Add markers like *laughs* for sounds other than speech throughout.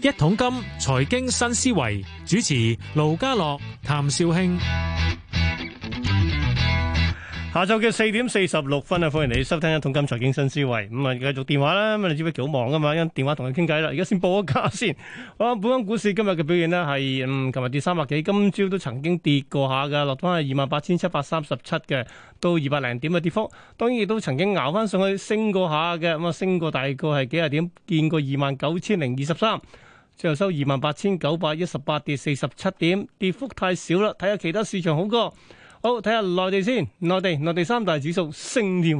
一桶金財經新思維，主持盧家樂、譚紹興。下晝嘅四點四十六分啊，歡迎你收聽《一桶金財經新思維》。咁啊，繼續電話啦。咁你知唔知幾好忙噶嘛？因為電話同佢傾偈啦。而家先報個價先。啊，本港股市今日嘅表現呢，係嗯，琴日跌三百幾，今朝都曾經跌過下噶，落翻係二萬八千七百三十七嘅，到二百零點嘅跌幅。當然亦都曾經熬翻上去升過下嘅，咁啊，升過大概係幾廿點，見過二萬九千零二十三，最後收二萬八千九百一十八，跌四十七點，跌幅太少啦。睇下其他市場好過。好，睇下內地先，內地內地三大指數升添，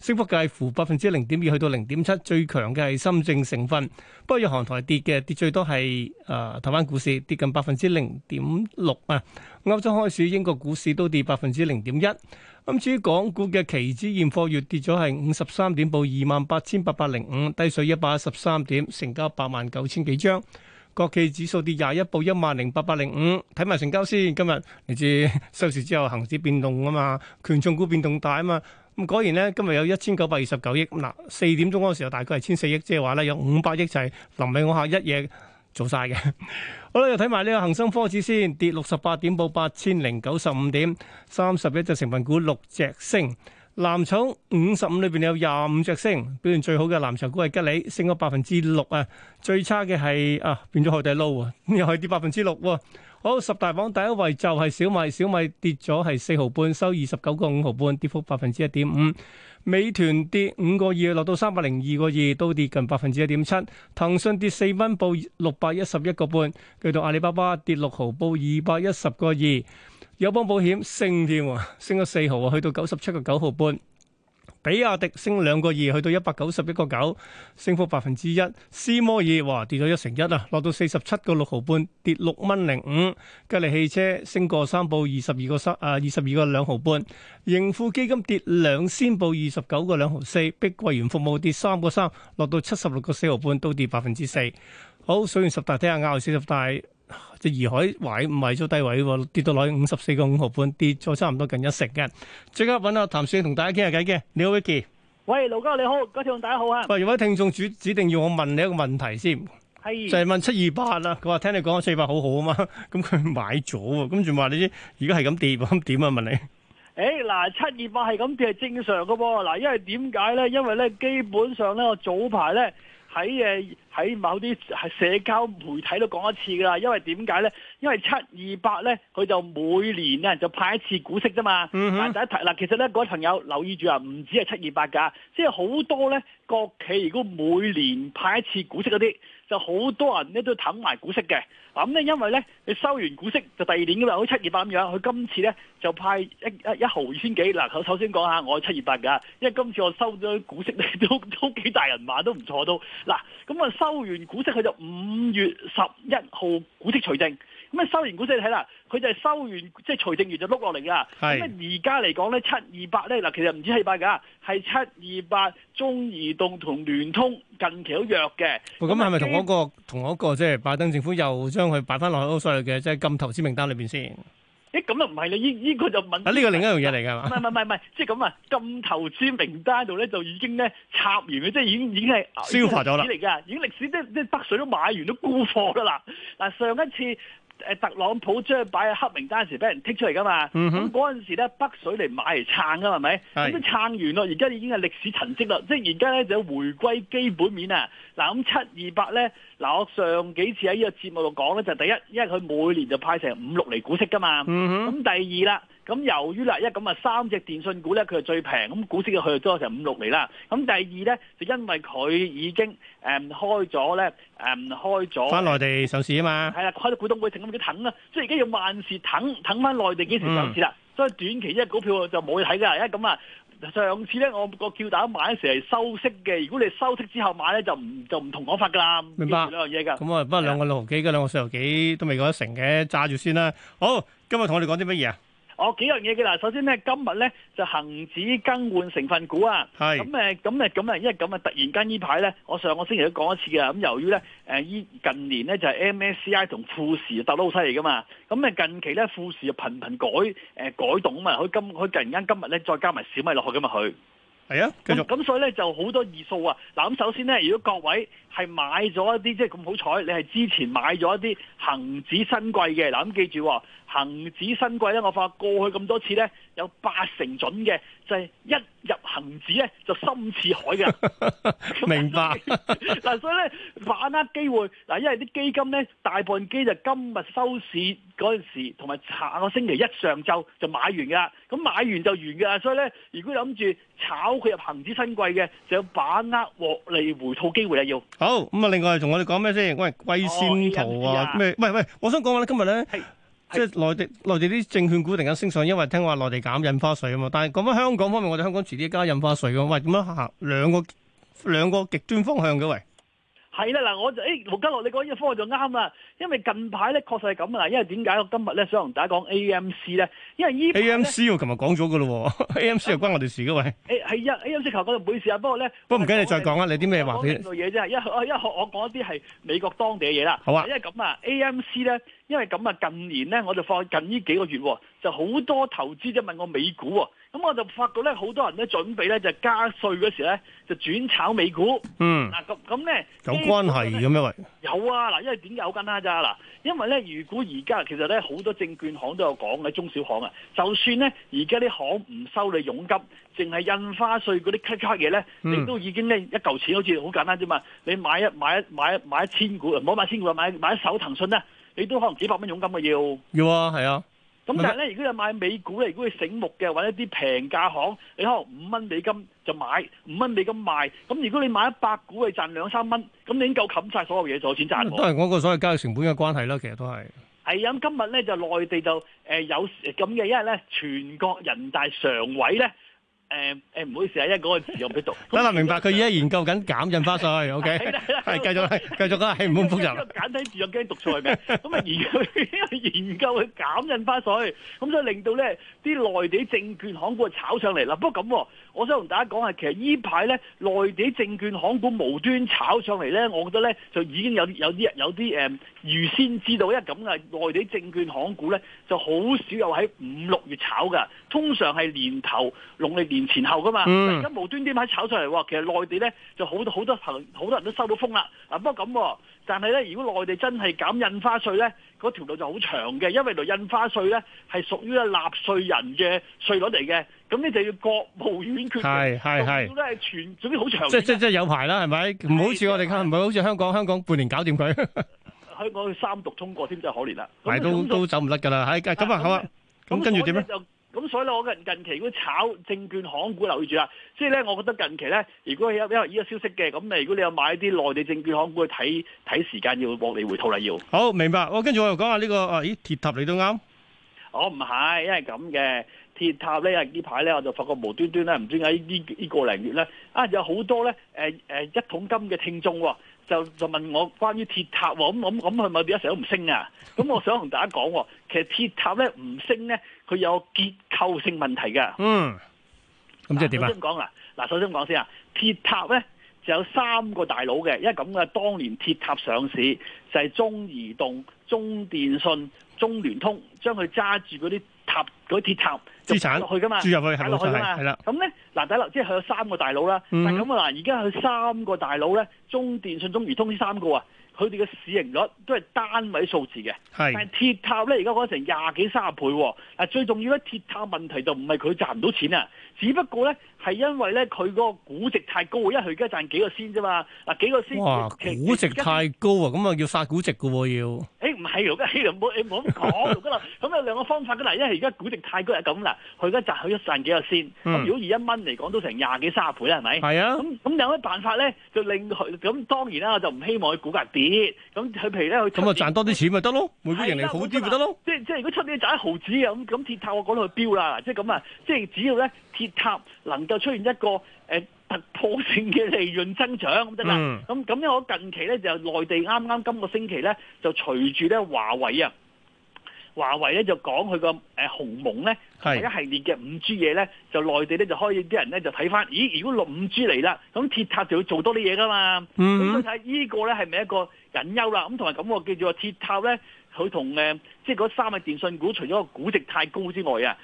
升幅介乎百分之零點二去到零點七，最強嘅係深證成分。不過有行台跌嘅，跌最多係誒、呃、台灣股市跌近百分之零點六啊。歐洲開市，英國股市都跌百分之零點一。咁至於港股嘅期指現貨月跌咗係五十三點，報二萬八千八百零五，低水一百一十三點，成交八萬九千幾張。國企指數跌廿一，報一萬零八百零五。睇埋成交先，今日嚟自收市之後，恒指變動啊嘛，權重股變動大啊嘛。咁果然咧，今日有一千九百二十九億。嗱，四點鐘嗰個時候，大概係千四億，即係話咧有五百億就係臨尾我下一夜做晒嘅。好啦，又睇埋呢個恒生科指先，跌六十八點，報八千零九十五點，三十一隻成分股六隻升。藍籌五十五裏邊有廿五隻升，表現最好嘅藍籌股係吉利，升咗百分之六啊。最差嘅係啊，變咗海底撈啊，又係跌百分之六喎。好，十大榜第一位就係小米，小米跌咗係四毫半，收二十九個五毫半，跌幅百分之一點五。美團跌五個二，落到三百零二個二，都跌近百分之一點七。騰訊跌四蚊，報六百一十一個半。去到阿里巴巴跌六毫，報二百一十個二。友邦保險升添啊，升咗四毫啊，去到九十七個九毫半。比亞迪升兩個二，去到一百九十一個九，升幅百分之一。斯摩爾哇，跌咗一成一啊，落到四十七個六毫半，跌六蚊零五。吉利汽車升個三，報二十二個三啊，二十二個兩毫半。盈富基金跌兩仙，報二十九個兩毫四。碧桂園服務跌三個三，落到七十六個四毫半，都跌百分之四。好，數完十大，睇下亞友四十大。只怡海位唔係最低位喎，跌到落去五十四個五毫半，跌咗差唔多近一成嘅。即刻揾阿譚雪同大家傾下偈嘅。你好，Vicky。喂，盧哥你好，嗰條大家好啊。喂，有位聽眾主指定要我問你一個問題先，係就係、是、問七二八啦。佢話聽你講七二八好好啊嘛，咁佢買咗啊，咁仲話你知，而家係咁跌咁點啊？問你。誒、哎、嗱，七二八係咁跌係正常噶噃。嗱，因為點解咧？因為咧，基本上咧，我早排咧。喺誒喺某啲社交媒體都講一次㗎啦，因為點解咧？因為七二八咧，佢就每年咧就派一次股息啫嘛。嗯，就一提嗱，其實咧，嗰位朋友留意住啊，唔止係七二八㗎，即係好多咧國企如果每年派一次股息嗰啲。就好多人咧都貪埋股息嘅，咁咧，因為咧你收完股息就第二年噶啦，好似七二八咁樣，佢今次咧就派一一一毫二千幾，嗱，首先講下我係七二八噶，因為今次我收咗股息都都幾大人話，都唔錯到，嗱，咁啊收完股息佢就五月十一號股息除淨。咁啊，收完股先睇啦，佢就係收完，即係財政員就碌落嚟噶。咁而家嚟講咧，七二八咧，嗱，其實唔止七二八噶，係七二八中移動同聯通近期都弱嘅。咁係咪同嗰個同嗰、嗰個、嗰個、即係拜登政府又將佢擺翻落去嗰個所謂嘅即係禁投資名單裏邊先？誒，咁又唔係啦，呢依個就問。呢、啊呢個另一、就是、樣嘢嚟㗎嘛？唔係唔係唔係，即係咁啊！禁投資名單度咧就已經咧插完嘅，即係已已經係消化咗啦，嚟㗎，已經歷史即係即係北水都買完都沽貨㗎啦。嗱，上一次。誒特朗普將擺喺黑名單時，俾人剔出嚟噶嘛？咁嗰陣時咧，北水嚟買嚟撐噶，係咪？咁啲撐完咯，而家已經係歷史陳跡啦。即係而家咧，就要回歸基本面啊！嗱，咁七二八咧，嗱，我上幾次喺呢個節目度講咧，就是、第一，因為佢每年就派成五六嚟股息噶嘛。咁、嗯、第二啦。咁由於啦，一咁啊三隻電信股咧，佢係最平，咁股息佢又多成五六釐啦。咁第二咧，就因為佢已經誒開咗咧，誒開咗翻內地上市啊嘛。係啦，開咗股東會，成咁幾等啦，即係而家要萬事騰騰翻內地幾時上市啦。所以短期呢個股票就冇嘢睇噶啦。一咁啊，上次咧我個叫大家買嗰時係收息嘅，如果你收息之後買咧，就唔就唔同講法噶啦。明白兩樣嘢㗎。咁啊，不過兩個六毫幾，嗰兩個四毫幾都未講得成嘅，揸住先啦。好，今日同我哋講啲乜嘢啊？我幾樣嘢嘅嗱，首先咧今日咧就恆指更換成分股啊，咁誒咁誒咁誒，因為咁啊，突然間呢排咧，我上個星期都講一次嘅，咁由於咧誒依近年咧就係 MSCI 同富時突得好犀利噶嘛，咁誒近期咧富時就頻頻改誒改動啊嘛，佢今佢突然間今日咧再加埋小米落去噶嘛佢。係啊，咁咁所以咧就好多二數啊。嗱，咁首先咧，如果各位係買咗一啲即係咁好彩，你係之前買咗一啲恒指新貴嘅嗱，咁記住哦，恒指新貴咧，我發過去咁多次咧，有八成準嘅。就係、是、一入恆指咧，就深似海嘅 *laughs* 。明白嗱， *laughs* *laughs* 所以咧，把握機會嗱，因為啲基金咧大部分機就今日收市嗰陣時，同埋查個星期一上晝就買完㗎。咁買完就完㗎，所以咧，如果諗住炒佢入恆指新貴嘅，就要把握獲利回吐機會啊！要好咁啊，另外同我哋講咩先？喂，貴先圖啊？咩？哦？唔係我想講下咧，今日咧。是即係內地內地啲證券股突然間升上，因為聽話內地減印花稅啊嘛。但係講翻香港方面，我哋香港遲啲加印花稅嘅，喂，咁樣行兩個兩個極端方向嘅喂。係啦，嗱，我就誒盧家樂，哎、六六你講呢個方向就啱啦。因為近排咧確實係咁啊，因為點解我今日咧想同大家講 AMC 咧？因為 AMC 我琴日講咗嘅咯、啊、，AMC 又關我哋事嘅、啊、喂。係、哎、一 AMC 求嗰度唔好意思啊，不過咧，不過唔緊要，你再講啊，你啲咩話？講做嘢啫，一哦，一,一我講一啲係美國當地嘅嘢啦。好啊，因為咁啊，AMC 咧。因為咁啊，近年咧，我就發近呢幾個月就好多投資者問我美股，咁我就發覺咧，好多人咧準備咧就加稅嗰時咧就轉炒美股。嗯，嗱咁咁咧有關係咁樣喂？有啊，嗱，因為點解好簡單咋嗱？因為咧，如果而家其實咧，好多證券行都有講嘅，中小行啊，就算咧而家啲行唔收你佣金，淨係印花稅嗰啲 cut cut 嘢咧，亦都已經咧一嚿錢好似好簡單啫嘛。你買一買一買一買一千股，唔好買千股買買一手騰訊呢。你都可能幾百蚊佣金嘅要，要啊，係啊。咁但係咧，如果你買美股咧，如果你醒目嘅，或者啲平價行，你可能五蚊美金就買，五蚊美金賣。咁如果你買一百股，你賺兩三蚊，咁你已經夠冚晒所有嘢仲有錢賺。都係嗰個所謂交易成本嘅關係啦，其實都係。係啊，咁今日咧就內地就誒有咁嘅，因為咧全國人大常委咧。誒誒，唔好意思，一個字我唔俾讀，得啦，明白，佢而家研究緊減印花稅，OK，係繼續啦，繼續講啦，唔好複雜。簡體字我驚讀錯嘅，咁啊研究，研究去減印花稅，咁所以令到呢啲內地證券行股啊炒上嚟啦。不過咁。我想同大家講係，其實依排咧內地證券行股無端炒上嚟咧，我覺得咧就已經有有啲人有啲誒預先知道一。咁嘅內地證券行股咧就好少有喺五六月炒噶，通常係年頭農曆年前後噶嘛。而、mm. 家無端端喺炒上嚟，其實內地咧就好多好多行好多人都收到風啦。不過咁，但係咧如果內地真係減印花稅咧，嗰條路就好長嘅，因為度印花稅咧係屬於啊納稅人嘅稅率嚟嘅。咁你就要國務院決定，要都係全，總之好長。即即即有排啦，係咪？唔好似我哋，唔係好似香港，香港半年搞掂佢。香港三讀通過，添真係可憐啦。排都都走唔甩㗎啦，係。咁啊，好啊。咁跟住點咧？咁所以咧，我近近期如果炒證券行股留意住啦。即咧，我覺得近期咧，如果有因為依個消息嘅，咁誒，如果你有買啲內地證券行股，睇睇時間要獲利回吐啦，要。好，明白。我跟住我又講下呢個誒，咦，鐵塔嚟都啱。我唔係，一係咁嘅。鐵塔咧，呢排咧我就發覺無端端咧，唔知喺呢呢呢個零月咧，啊有好多咧，誒誒一桶金嘅聽眾，就就問我關於鐵塔喎，咁咁咁佢咪點解成日都唔升啊？咁我想同大家講，其實鐵塔咧唔升咧，佢有結構性問題嘅。嗯，咁即係點啊？先講啦嗱，首先講先啊，鐵塔咧就有三個大佬嘅，因為咁嘅，當年鐵塔上市就係、是、中移動、中電信、中聯通，將佢揸住嗰啲。塔啲鐵、那個、塔資產落去噶嘛，注入去落去係啦，咁咧嗱，第一樓即係佢有三個大佬啦，咁啊嗱，而家佢三個大佬咧，中電信、中移通呢三個啊。佢哋嘅市盈率都係單位數字嘅，但係鐵塔咧，而家講成廿幾三十倍啊。嗱最重要咧，鐵塔問題就唔係佢賺唔到錢啊，只不過咧係因為咧佢嗰個估值太高，因為佢而家賺幾個先啫嘛，嗱幾個先。估值太高啊，咁啊叫殺估值嘅喎要。誒唔係喎，嗰啲唔好唔好講嗰度。咁、欸、有、 *laughs* 嗯、兩個方法嗰度，因為而家估值太高係咁啦，佢而家賺佢一賺幾個先。咁、嗯、如果二一蚊嚟講都成廿幾三十倍咧係咪？係啊。咁咁有咩辦法咧？就令佢，咁當然啦，我就唔希望佢股價跌。咁佢譬如咧，佢咁啊賺多啲錢咪得咯，每股盈利好啲咪得咯。即係即係如果出啲賺毫子啊，咁咁鐵塔我講到去飆啦，即係咁啊，即係只要咧鐵塔能夠出現一個誒、呃、突破性嘅利潤增長，咁得啦。咁咁樣我近期咧就內地啱啱今個星期咧就隨住咧華為啊。華為咧就講佢個誒鴻蒙咧，係、一系列嘅五 G 嘢咧，就內地咧就開啲人咧就睇返，咦？如果六五 G 嚟啦，咁鐵塔就要做多啲嘢㗎嘛？咁、嗯、睇呢個咧係咪一個隱憂啦？咁同埋咁我記住話鐵塔咧，佢同誒即係嗰三個電信股，除咗個估值太高之外啊，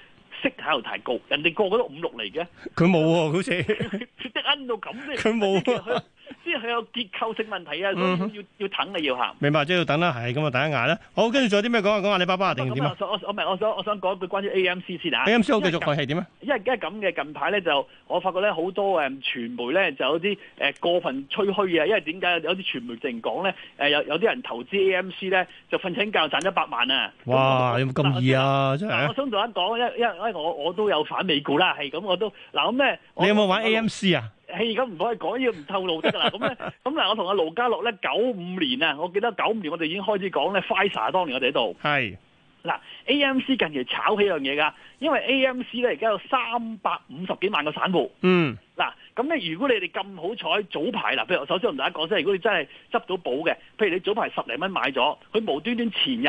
息喺度太高，人哋個個都五六嚟嘅，佢冇喎，好似佢得恩到咁啫，佢冇。即係佢有結構性問題啊，所以要、嗯、要等啊，要行，明白，即係要等啦，係咁啊，等一眼啦。好，跟住仲有啲咩講啊？講阿里巴巴定點啊？我我唔我想我想講一句關於 AMC 先啊。AMC 好繼續係點啊？因為而家咁嘅近排咧，就我發覺咧，好多誒傳媒咧就有啲誒過份吹虛嘢。因為點解有啲傳媒突然講咧？誒，有有啲人投資 AMC 咧，就瞓醒覺賺一百萬啊！哇，有冇咁易啊？真係。我想同一講，因因為我我都有反美股啦，係咁，我都嗱咁咧。你有冇玩 AMC 啊？而家唔可以講呢個唔透露㗎啦。咁 *laughs* 咧，咁嗱，我同阿盧家樂咧，九五年啊，我記得九五年我哋已經開始講咧。FISA 當年我哋喺度。係嗱，AMC 近期炒起樣嘢噶，因為 AMC 咧而家有三百五十幾萬個散戶。嗯。嗱，咁咧，如果你哋咁好彩，早排嗱，譬如我首先同大家講先，如果你真係執到寶嘅，譬如你早排十零蚊買咗，佢無端端前日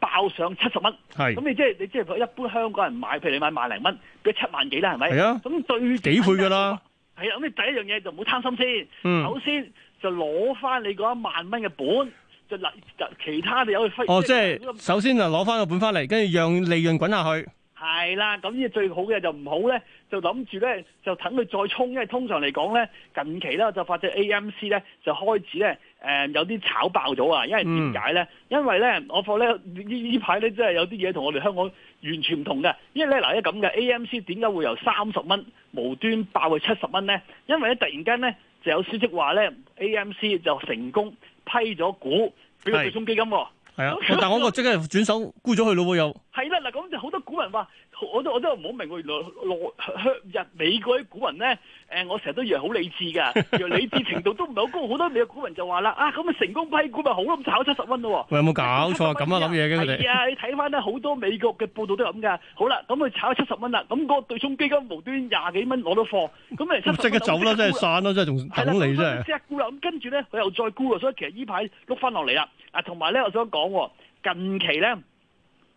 爆上七十蚊。係。咁你即係你即係一般香港人買，譬如你買萬零蚊，佢七萬幾啦，係咪？係啊。咁對幾倍噶啦？ *laughs* 係啊，咁第一樣嘢就唔好貪心先。嗯、首先就攞翻你嗰一萬蚊嘅本，就嗱其他你有去揮。哦，即、係、首先就攞翻個本翻嚟，跟住讓利潤滾下去。係啦，咁呢最好嘅就唔好咧，就諗住咧就等佢再衝，因為通常嚟講咧，近期咧，就發隻 AMC 咧就開始咧。誒、呃，有啲炒爆咗啊！因為點解咧？因為咧，我覺得咧呢呢排咧真係有啲嘢同我哋香港完全唔同嘅。因為咧嗱，一咁嘅 AMC 點解會由三十蚊無端爆去七十蚊咧？因為咧突然間咧就有消息話咧 AMC 就成功批咗股俾個對沖基金。係啊、嗯，但我個即刻轉手沽咗佢咯又。係啦，嗱，咁就好多股民話。我都我都唔好明，我原來落向日美國啲股民咧，誒，我成日都以為好理智嘅，以為理智程度都唔係好高，好多美國股民就話啦，啊，咁啊成功批股咪好咯，炒七十蚊咯。喂，有冇搞錯咁樣諗嘢嘅你？係啊，你睇翻咧好多美國嘅報道都係咁噶。好啦，咁佢炒七十蚊啦，咁嗰個對沖基金無端廿幾蚊攞到貨，咁咪即刻走啦，即係散啦，即係仲捧你啫。即係沽啦，咁跟住咧，佢又再沽啦，所以其實呢排碌翻落嚟啦。啊，同埋咧，我想講近期咧。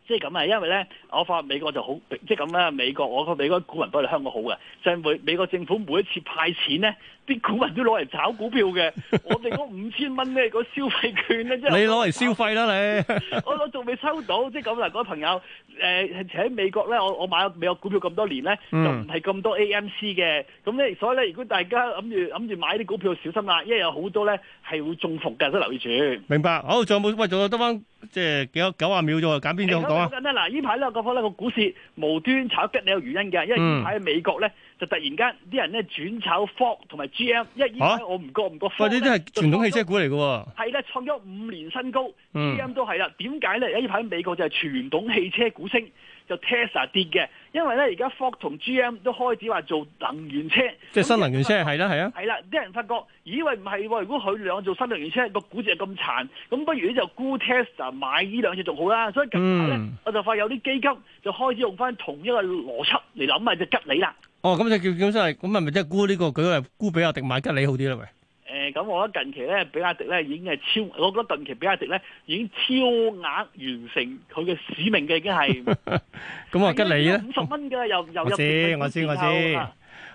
即係咁啊，因為咧，我發覺美國就好，即係咁啦。美國，我覺得美國股民比你香港好嘅，即係每美國政府每一次派錢咧，啲股民都攞嚟炒股票嘅。我哋嗰五千蚊咧，嗰消費券咧，即係你攞嚟消費啦，你。我我仲未收到，即係咁啊！嗰位朋友，誒，喺美國咧，我我買咗美國股票咁多年咧，就唔係咁多 AMC 嘅，咁咧，所以咧，如果大家諗住諗住買啲股票，小心啦，因為有好多咧係會中伏嘅，都留意住。明白，好，仲有冇？喂，仲有得翻。即係幾多九啊秒啫喎，揀邊樣講啊？嗱，呢排咧，我講呢個股市無端炒你有原因嘅，因為喺美國咧。就突然間啲人咧轉炒 Ford 同埋 GM，因為依家我唔覺唔覺，或啲都係傳統汽車股嚟嘅、啊。係呢？創咗五年新高，GM、嗯、都係啦。點解咧？一排喺美國就係傳統汽車股升，就 Tesla 跌嘅。因為咧，而家 Ford 同 GM 都開始話做能源車，即係新能源車係啦，係啊、就是。係啦，啲人發覺，以為唔係喎，如果佢兩做新能源車，個估值咁殘，咁不如就沽 Tesla 買呢兩隻仲好啦。所以近排咧，我就發現有啲基金就開始用翻同一個邏輯嚟諗下就是、吉利啦。哦，咁就叫叫真係，咁係咪即係估呢個舉係估比亞迪買吉利好啲咧？喂，誒，咁我覺得近期咧，比亞迪咧已經係超，我覺得近期比亞迪咧已經超額完成佢嘅使命嘅，已經係。咁啊，吉利咧？五十蚊嘅又又入。我知，我知，我知。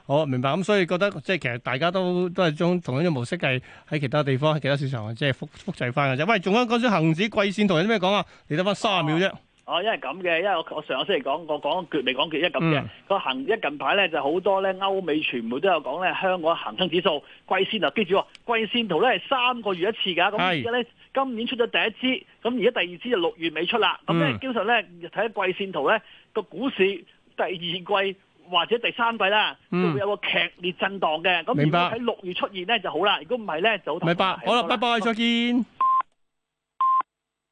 好，明白。咁所以覺得即係其實大家都都係將同樣嘅模式係喺其他地方、其他市場即係複複製翻嘅啫。喂，仲有嗰張恒指貴線同有啲咩講啊？你得翻卅秒啫。哦，因為咁嘅，因為我上個星期講過，我講決未講決，一咁嘅。個行一近排咧就好多咧，歐美傳媒都有講咧，香港恒生指數季線啊，記住季線圖咧係三個月一次㗎。咁而家咧今年出咗第一支，咁而家第二支就六月尾出啦。咁咧基本上咧睇下季線圖咧，個股市第二季或者第三季啦、嗯，都會有個劇烈震盪嘅。咁如果喺六月出現咧就好啦。如果唔係咧早。明白。好啦，拜拜，再見。